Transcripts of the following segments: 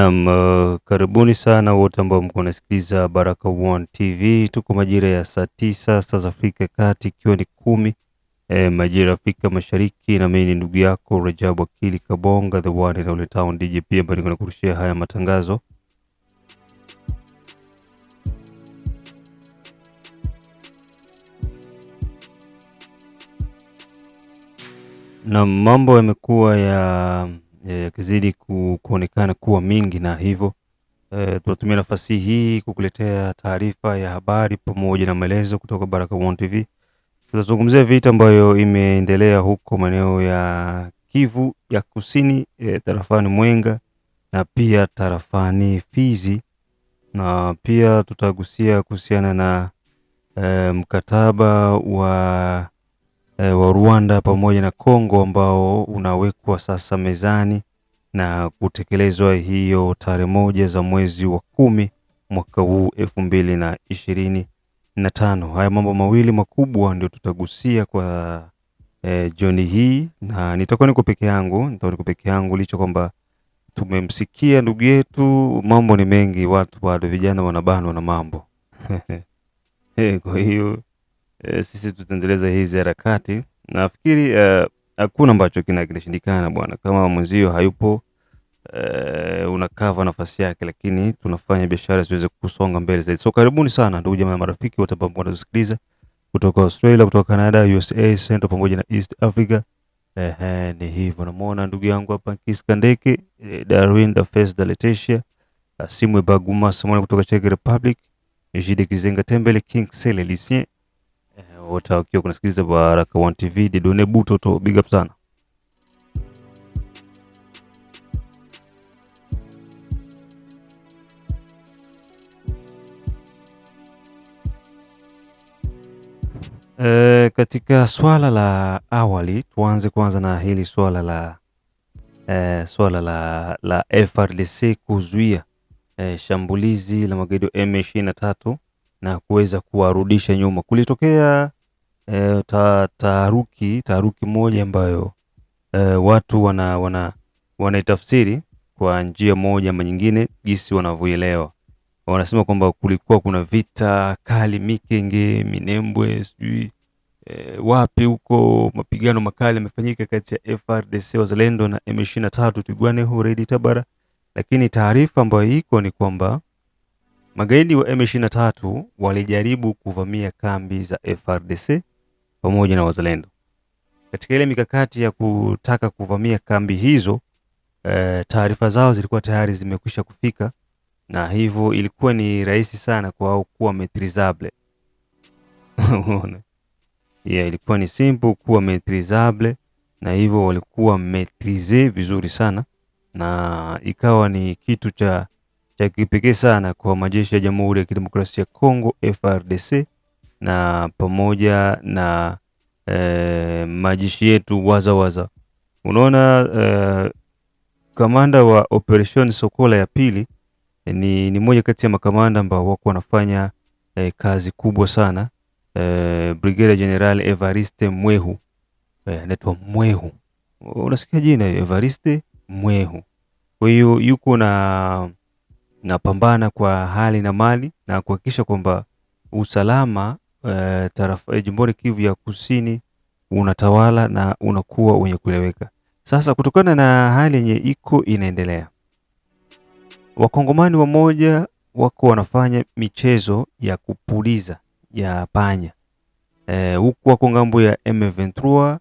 Naam, uh, karibuni sana wote ambao mko nasikiliza Baraka One TV. Tuko majira ya saa tisa saa za Afrika Kati, ikiwa ni kumi eh, majira ya Afrika Mashariki, na mimi ni ndugu yako Rajabu Akili Kabonga, the one and only town DJ, pia ambaye nakurushia haya matangazo na mambo yamekuwa ya yakizidi eh, ku, kuonekana kuwa mingi na hivyo e, tunatumia nafasi hii kukuletea taarifa ya habari pamoja na maelezo kutoka baraka One TV. Tutazungumzia vita ambayo imeendelea huko maeneo ya Kivu ya Kusini e, tarafani Mwenga na pia tarafani Fizi na pia tutagusia kuhusiana na e, mkataba wa e, wa Rwanda pamoja na Kongo ambao unawekwa sasa mezani na kutekelezwa hiyo tarehe moja za mwezi wa kumi mwaka huu elfu mbili na ishirini na tano. Haya mambo mawili makubwa ndio tutagusia kwa e, jioni hii, na nitakuwa niko peke yangu, nitakuwa niko peke yangu licha kwamba tumemsikia ndugu yetu, mambo ni mengi, watu bado vijana wanabanwa na mambo eh, kwa hiyo e, sisi tutaendeleza hizi harakati. Nafikiri eh, hakuna uh, ambacho kinashindikana bwana, kama mwenzio hayupo Uh, unakava nafasi yake, lakini tunafanya biashara ziweze kusonga mbele zaidi. So karibuni sana ndugu jamaa na marafiki wote ambao wanatusikiliza kutoka Australia, kutoka Canada, USA, Central pamoja na East Africa. Ehe, ni hivyo. Namuona ndugu yangu hapa Kiskandeke, eh, Darwin the Face the Letitia, Asimwe Baguma Samuel kutoka Czech Republic, Jide Kizenga Tembele, King Sele Lucien wote wakiwa kunasikiliza Baraka One TV, Didone Butoto, big up sana. E, katika swala la awali tuanze kwanza na hili swala la e, swala la, la FRDC kuzuia e, shambulizi la magaidi wa M23 na kuweza kuwarudisha nyuma. Kulitokea e, ta, taharuki taharuki moja ambayo e, watu wana wana wanaitafsiri kwa njia moja ama nyingine jinsi wanavyoelewa. Wanasema kwamba kulikuwa kuna vita kali Mikenge, Minembwe, sijui e, wapi huko, mapigano makali yamefanyika kati ya frdc Wazalendo na M23 Twigwaneho Red Tabara, lakini taarifa ambayo iko ni kwamba magaidi wa M23 walijaribu kuvamia kambi za FARDC pamoja na wazalendo katika ile mikakati ya kutaka kuvamia kambi hizo. E, taarifa zao zilikuwa tayari zimekwisha kufika na hivyo ilikuwa ni rahisi sana kwao kuwa maîtrisable. Yeah, ilikuwa ni simple kuwa maîtrisable na hivyo walikuwa maîtrise vizuri sana na ikawa ni kitu cha cha kipekee sana kwa majeshi ya Jamhuri ya Kidemokrasia ya Kongo eh, na pamoja na e, majeshi yetu wazawaza. Unaona e, kamanda wa Operation Sokola ya pili eh, ni, ni moja kati ya makamanda ambao wako wanafanya e, kazi kubwa sana e, Brigadier General Evariste Mwehu anaitwa e, Mwehu, unasikia jina Evariste Mwehu. Kwa hiyo yuko na napambana kwa hali na mali na kuhakikisha kwamba usalama eh, tarafa, eh, jimboni Kivu ya Kusini unatawala na unakuwa wenye kueleweka. Sasa kutokana na hali yenye iko inaendelea, wakongomani wamoja wako wanafanya michezo ya kupuliza ya panya eh, huku e, wako ngambo ya M23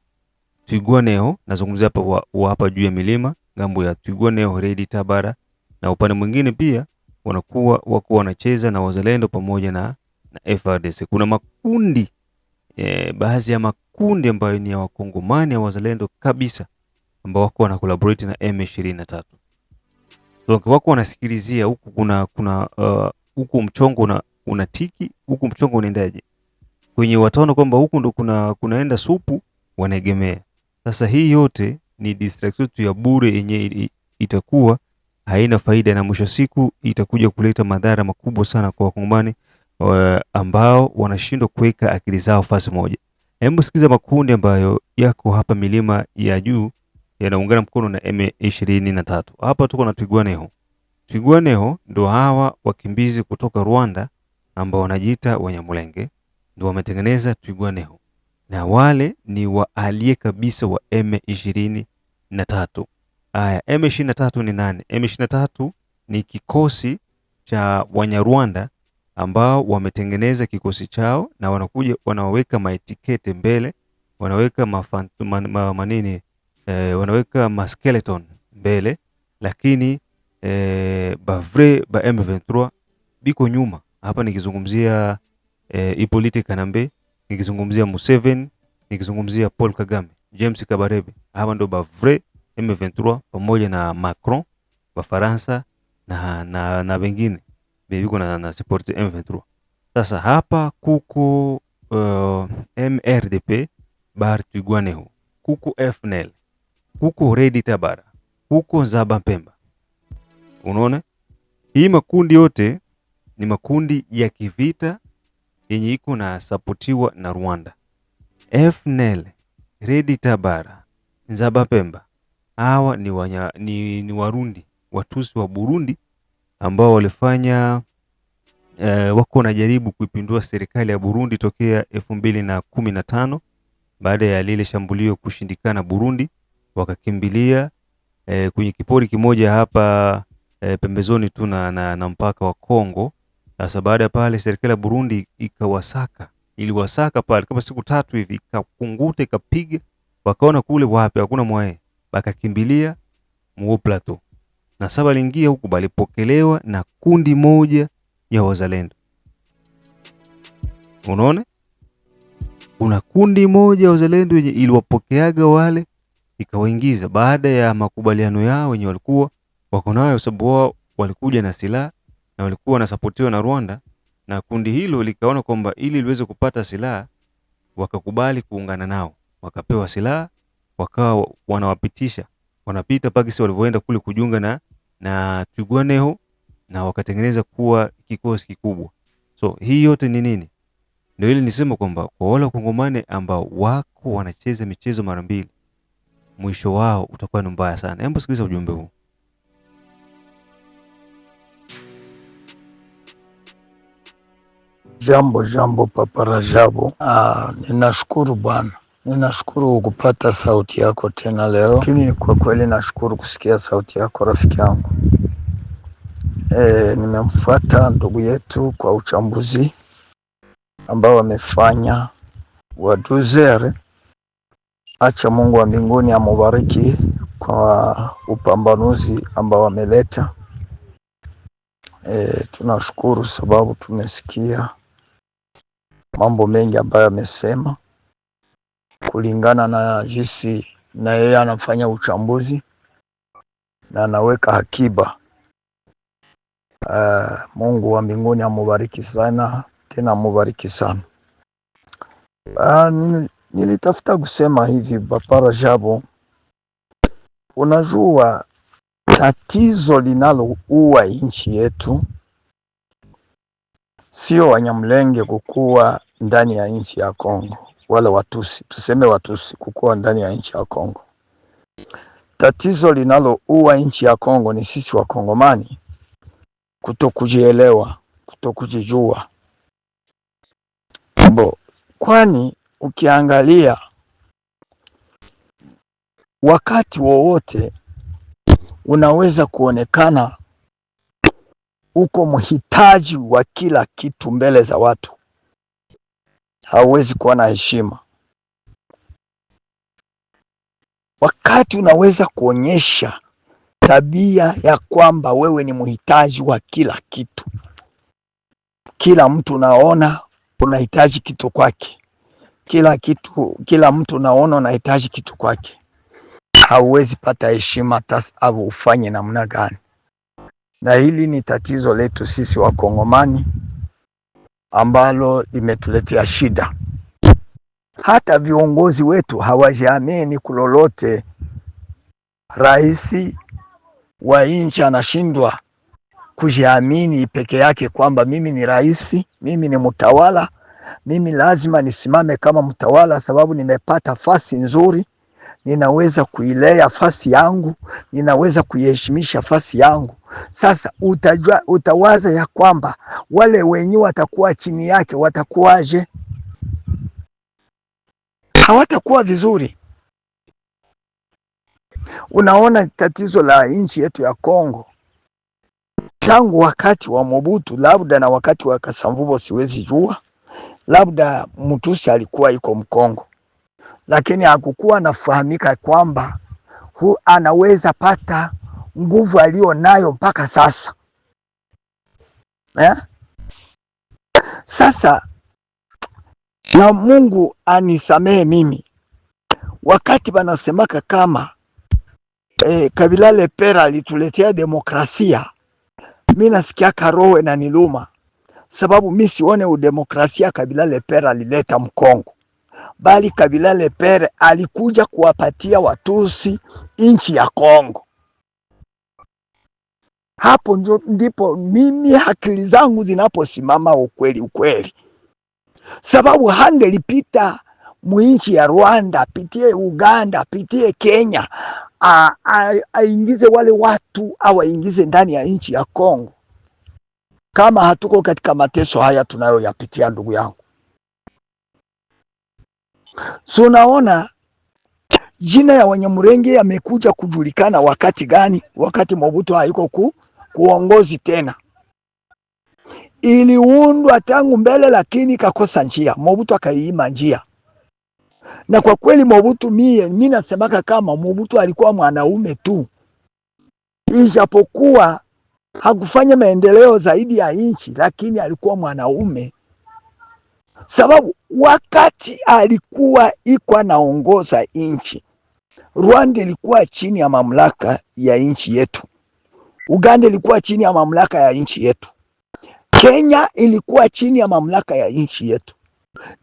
Twigwaneo, nazungumzia hapa wa, wa hapa juu ya milima ngambo ya Twigwaneo Redi Tabara, na upande mwingine pia wanakuwa wako wanacheza na wazalendo pamoja na na FRDC. Kuna makundi e, baadhi ya makundi ambayo ni ya wakongomani ya wazalendo kabisa ambao wako wana collaborate na M23. So wako wanasikilizia huku kuna kuna uh, huku uh, mchongo una, una tiki huku mchongo unaendaje? Kwenye wataona kwamba huku ndo kuna kunaenda supu wanaegemea. Sasa hii yote ni distraction tu ya bure yenye itakuwa haina faida na mwisho siku itakuja kuleta madhara makubwa sana kwa wakongomani Eh, ambao wanashindwa kuweka akili zao fasi moja. Hebu sikiza makundi ambayo yako hapa milima ya juu yanaungana mkono na M23. Hapa tuko na Twigwaneho. Twigwaneho ndo hawa wakimbizi kutoka Rwanda ambao wanajiita Wanyamulenge ndo wametengeneza Twigwaneho, na wale ni wa waalie kabisa wa M23. Aya, M23 ni nani? M23 ni kikosi cha Wanyarwanda ambao wametengeneza kikosi chao na wanakuja wanaweka maetikete mbele, wanaweka mafantu, man, ma, manini e, eh, wanaweka maskeleton mbele, lakini e, eh, bavre ba M23 biko nyuma. Hapa nikizungumzia e, eh, ipolitik Kanambe, nikizungumzia Museveni, nikizungumzia Paul Kagame, James Kabarebe, hapa ndo bavre M23 pamoja na Macron wa Faransa na na, na wengine viko na, na support M23. Sasa hapa kuko uh, MRDP Bar hu kuko FNL, kuko Redi Tabara, kuko Zaba Pemba. Unaona hii makundi yote ni makundi ya kivita yenye iko na sapotiwa na Rwanda. FNL, Redi Tabara, Nzaba Pemba hawa ni, wanya, ni, ni Warundi Watusi wa Burundi ambao walifanya eh, wako wanajaribu kuipindua serikali ya Burundi tokea elfu mbili na kumi na tano baada ya lile shambulio kushindikana Burundi, wakakimbilia eh, kwenye kipori kimoja hapa eh, pembezoni tu na, na, na mpaka wa Kongo. Sasa baada ya pale serikali ya Burundi ikawasaka iliwasaka pale kama siku tatu hivi, ikakunguta ikapiga, wakaona kule wapi hakuna mwae, wakakimbilia Muo Plateau na saba liingia huku balipokelewa na kundi moja ya wazalendo. Unaona, kuna kundi moja ya wazalendo wenye iliwapokeaga wale ikawaingiza baada ya makubaliano yao wenye walikuwa wako nayo, sababu wao walikuja na silaha na walikuwa wanasapotiwa na Rwanda, na kundi hilo likaona kwamba ili liweze kupata silaha wakakubali kuungana nao, wakapewa silaha, wakawa wanawapitisha wanapita pakisi walivyoenda kule kujiunga na na Twigwaneho na wakatengeneza kuwa kikosi kikubwa. So hii yote ni nini? Ndio ile nisema kwamba kwa wale wakongomane ambao wako wanacheza michezo mara mbili, mwisho wao utakuwa ni mbaya sana. Hebu sikiliza ujumbe huu. Jambo jambo, Papa Rajabu. Ah, ninashukuru bwana Ninashukuru kupata sauti yako tena leo, lakini kwa kweli nashukuru kusikia sauti yako rafiki yangu. E, nimemfuata ndugu yetu kwa uchambuzi ambao wamefanya waduzer. Acha Mungu wa mbinguni amubariki kwa upambanuzi ambao wameleta. E, tunashukuru sababu tumesikia mambo mengi ambayo amesema kulingana na jinsi na yeye anafanya uchambuzi na anaweka akiba. Uh, Mungu wa mbinguni amubariki sana tena amubariki sana. Uh, nilitafuta kusema hivi Papa Rajabu, unajua tatizo linaloua nchi yetu sio wanyamlenge kukuwa ndani ya nchi ya Kongo wala Watusi, tuseme Watusi kukuwa ndani ya nchi ya Kongo. Tatizo linaloua nchi ya Kongo ni sisi Wakongomani kutokujielewa, kutokujijua bo, kwani ukiangalia wakati wowote unaweza kuonekana uko mhitaji wa kila kitu mbele za watu hauwezi kuwa na heshima. Wakati unaweza kuonyesha tabia ya kwamba wewe ni mhitaji wa kila kitu, kila mtu unaona unahitaji kitu kwake, kila kitu, kila mtu unaona unahitaji kitu kwake, hauwezi pata heshima hata ufanye namna gani. Na hili ni tatizo letu sisi Wakongomani ambalo limetuletea shida. Hata viongozi wetu hawajiamini kulolote. Rais wa nchi anashindwa kujiamini peke yake kwamba mimi ni rais, mimi ni mtawala, mimi lazima nisimame kama mtawala sababu nimepata fasi nzuri ninaweza kuilea fasi yangu, ninaweza kuiheshimisha fasi yangu. Sasa utajua, utawaza ya kwamba wale wenye watakuwa chini yake watakuwaje? Hawatakuwa vizuri. Unaona tatizo la nchi yetu ya Kongo tangu wakati wa Mobutu, labda na wakati wa Kasamvubo siwezi jua, labda Mutusi alikuwa iko Mkongo lakini hakukuwa anafahamika kwamba hu anaweza pata nguvu aliyo nayo mpaka sasa eh? Sasa na Mungu anisamehe mimi, wakati wanasemaka kama eh, Kabila Lepera alituletea demokrasia, mi nasikia karowe na niluma, sababu mi sione udemokrasia Kabila Lepera alileta Mkongo bali Kabila Lepere alikuja kuwapatia Watusi nchi ya Kongo. Hapo njo, ndipo mimi akili zangu zinaposimama ukweli ukweli, sababu hangelipita mwinchi ya Rwanda apitie Uganda apitie Kenya aingize wale watu awaingize ndani ya nchi ya Kongo, kama hatuko katika mateso haya tunayoyapitia, ndugu yangu. So unaona jina ya Wanyamurenge yamekuja kujulikana wakati gani? Wakati Mobutu haiko ku, kuongozi tena. Iliundwa tangu mbele, lakini ikakosa njia, Mobutu akaiima njia. Na kwa kweli Mobutu, mie mimi nasemaka kama Mobutu alikuwa mwanaume tu, ijapokuwa hakufanya maendeleo zaidi ya nchi, lakini alikuwa mwanaume sababu wakati alikuwa iko anaongoza nchi Rwanda ilikuwa chini ya mamlaka ya nchi yetu, Uganda ilikuwa chini ya mamlaka ya nchi yetu, Kenya ilikuwa chini ya mamlaka ya nchi yetu.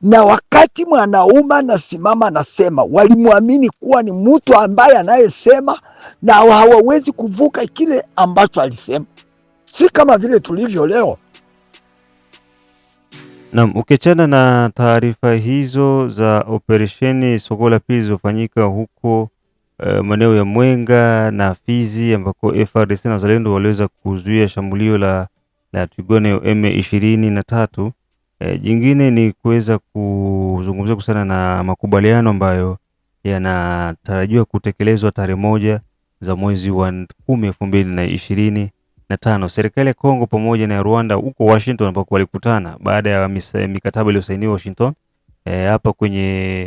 Na wakati mwanaume anasimama anasema, walimwamini kuwa ni mtu ambaye anayesema na hawawezi kuvuka kile ambacho alisema, si kama vile tulivyo leo. Naam, ukiachana na taarifa hizo za operesheni soko la pili zilizofanyika huko uh, maeneo ya Mwenga na Fizi ambako frdc na Wazalendo waliweza kuzuia shambulio la, la Twigone M23. E, eh, jingine ni kuweza kuzungumzia kuhusiana na makubaliano ambayo yanatarajiwa kutekelezwa tarehe moja za mwezi wa kumi elfu mbili na ishirini na tano serikali ya Kongo pamoja na Rwanda huko Washington ambapo walikutana baada ya eh, mikataba iliyosainiwa Washington e, hapa kwenye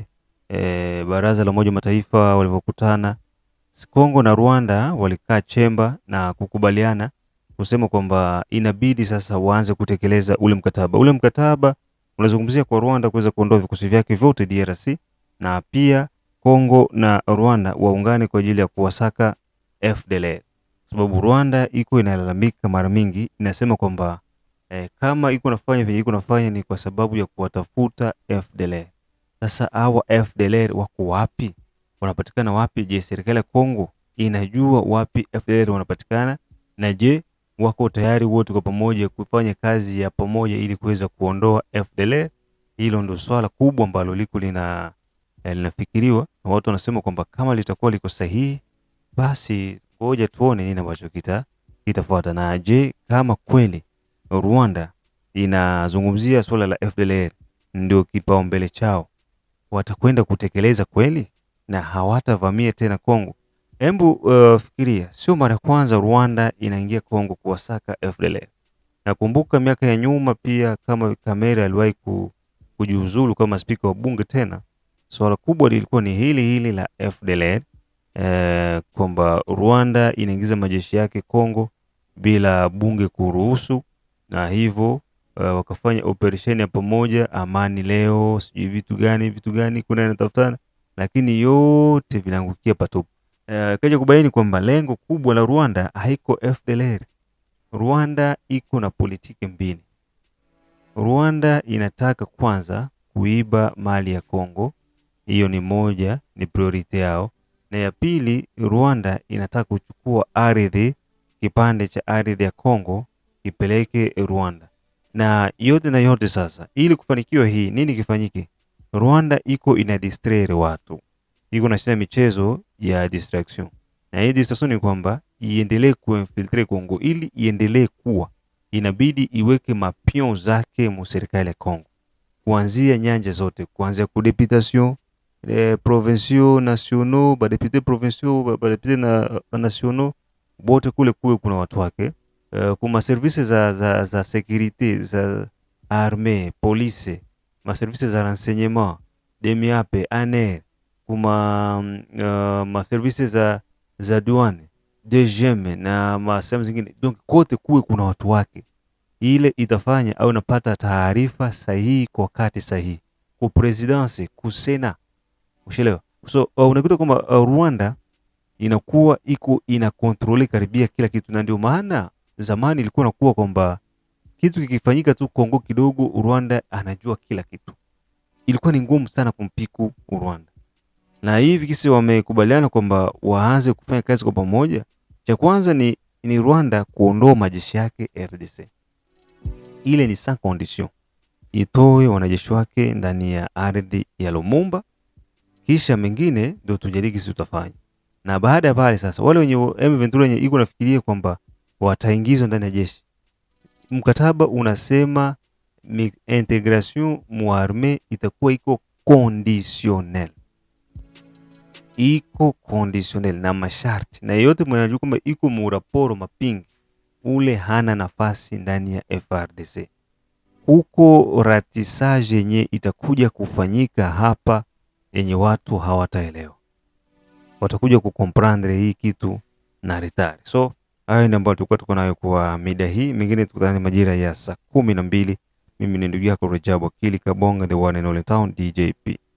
e, baraza la Umoja Mataifa walivyokutana Kongo na Rwanda walikaa chemba na kukubaliana kusema kwamba inabidi sasa waanze kutekeleza ule mkataba. Ule mkataba unazungumzia kwa Rwanda kuweza kuondoa vikosi vyake vyote DRC na pia Kongo na Rwanda waungane kwa ajili ya kuwasaka FDLR sababu Rwanda iko inalalamika mara mingi, inasema kwamba eh, kama iko nafanya vile iko nafanya ni kwa sababu ya kuwatafuta FDLR. Sasa hawa FDLR wako wapi? Wanapatikana wapi? Je, serikali ya Kongo inajua wapi FDLR wanapatikana? Na je wako tayari wote kwa pamoja kufanya kazi ya pamoja ili kuweza kuondoa FDLR? Hilo ndio swala kubwa ambalo liko lina eh, linafikiriwa na watu, wanasema kwamba kama litakuwa liko sahihi basi Ngoja tuone nini ambacho kita kitafuata, na je, kama kweli Rwanda inazungumzia suala la FDLR ndio kipaumbele chao, watakwenda kutekeleza kweli na hawatavamia tena Kongo? Hebu uh, fikiria, sio mara ya kwanza Rwanda inaingia Kongo kuwasaka FDLR. Nakumbuka miaka ya nyuma pia, kama Kamera aliwahi kujiuzulu kama spika wa bunge tena, swala kubwa lilikuwa ni hili hili la FDLR Eh, kwamba Rwanda inaingiza majeshi yake Kongo bila bunge kuruhusu, na hivyo uh, wakafanya operesheni ya pamoja, amani leo, sijui vitu gani vitu gani, kuna inatafutana, lakini yote vinaangukia patupu. Uh, kaja kubaini kwamba lengo kubwa la Rwanda haiko FDLR. Rwanda iko na politiki mbili. Rwanda inataka kwanza kuiba mali ya Kongo, hiyo ni moja, ni priority yao na ya pili Rwanda inataka kuchukua ardhi, kipande cha ardhi ya Kongo ipeleke Rwanda na yote na yote. Sasa ili kufanikiwa hii, nini kifanyike? Rwanda iko ina distraire watu, iko na shida michezo ya distraction, na hii distraction ni kwamba iendelee kuinfiltrate Kongo. Ili iendelee kuwa, inabidi iweke mapion zake mu serikali ya Kongo, kuanzia nyanja zote, kuanzia kudeputation les provinciaux, nationaux, madepute provinciaux, madepute na, nationaux bote kule kuwe kuna watu wake. Uh, kuma service za, za, za securite za police, maservise za renseignement demiape aner, kuma uh, maservise za, za douane DGM na masehemu zingine, donc kote kuwe kuna watu wake. Ile itafanya au napata taarifa sahihi kwa wakati sahihi, ku presidency ku Ushaelewa? So uh, unakuta kwamba uh, Rwanda inakuwa iko inakontroli karibia kila kitu, na ndio maana zamani ilikuwa nakuwa kwamba kitu kikifanyika tu Kongo kidogo, Rwanda anajua kila kitu. Ilikuwa ni ngumu sana kumpiku Rwanda, na hivi kisi wamekubaliana kwamba waanze kufanya kazi kwa pamoja. Cha kwanza ni, ni Rwanda kuondoa majeshi yake RDC, ile ni sans condition, itoe wanajeshi wake ndani ya ardhi ya Lumumba kisha mengine ndio tujaribu sisi tutafanya. Na baada ya pale sasa, wale wenye M 23 wenye iko nafikiria kwamba wataingizwa ndani ya jeshi, mkataba unasema integration muarme itakuwa iko conditionnel, iko conditionnel na masharti, na yeyote mnajua kwamba iko raporo mapingi ule hana nafasi ndani ya frdc Huko ratisaje yenye itakuja kufanyika hapa yenye watu hawataelewa, watakuja kukomprandre hii kitu na ritari So hayo ndio ambayo tulikuwa tuko nayo kwa mida hii, mingine tukutane majira ya saa kumi na mbili. Mimi ni ndugu yako Rajabu Akili Kabonga, the one and only town DJP.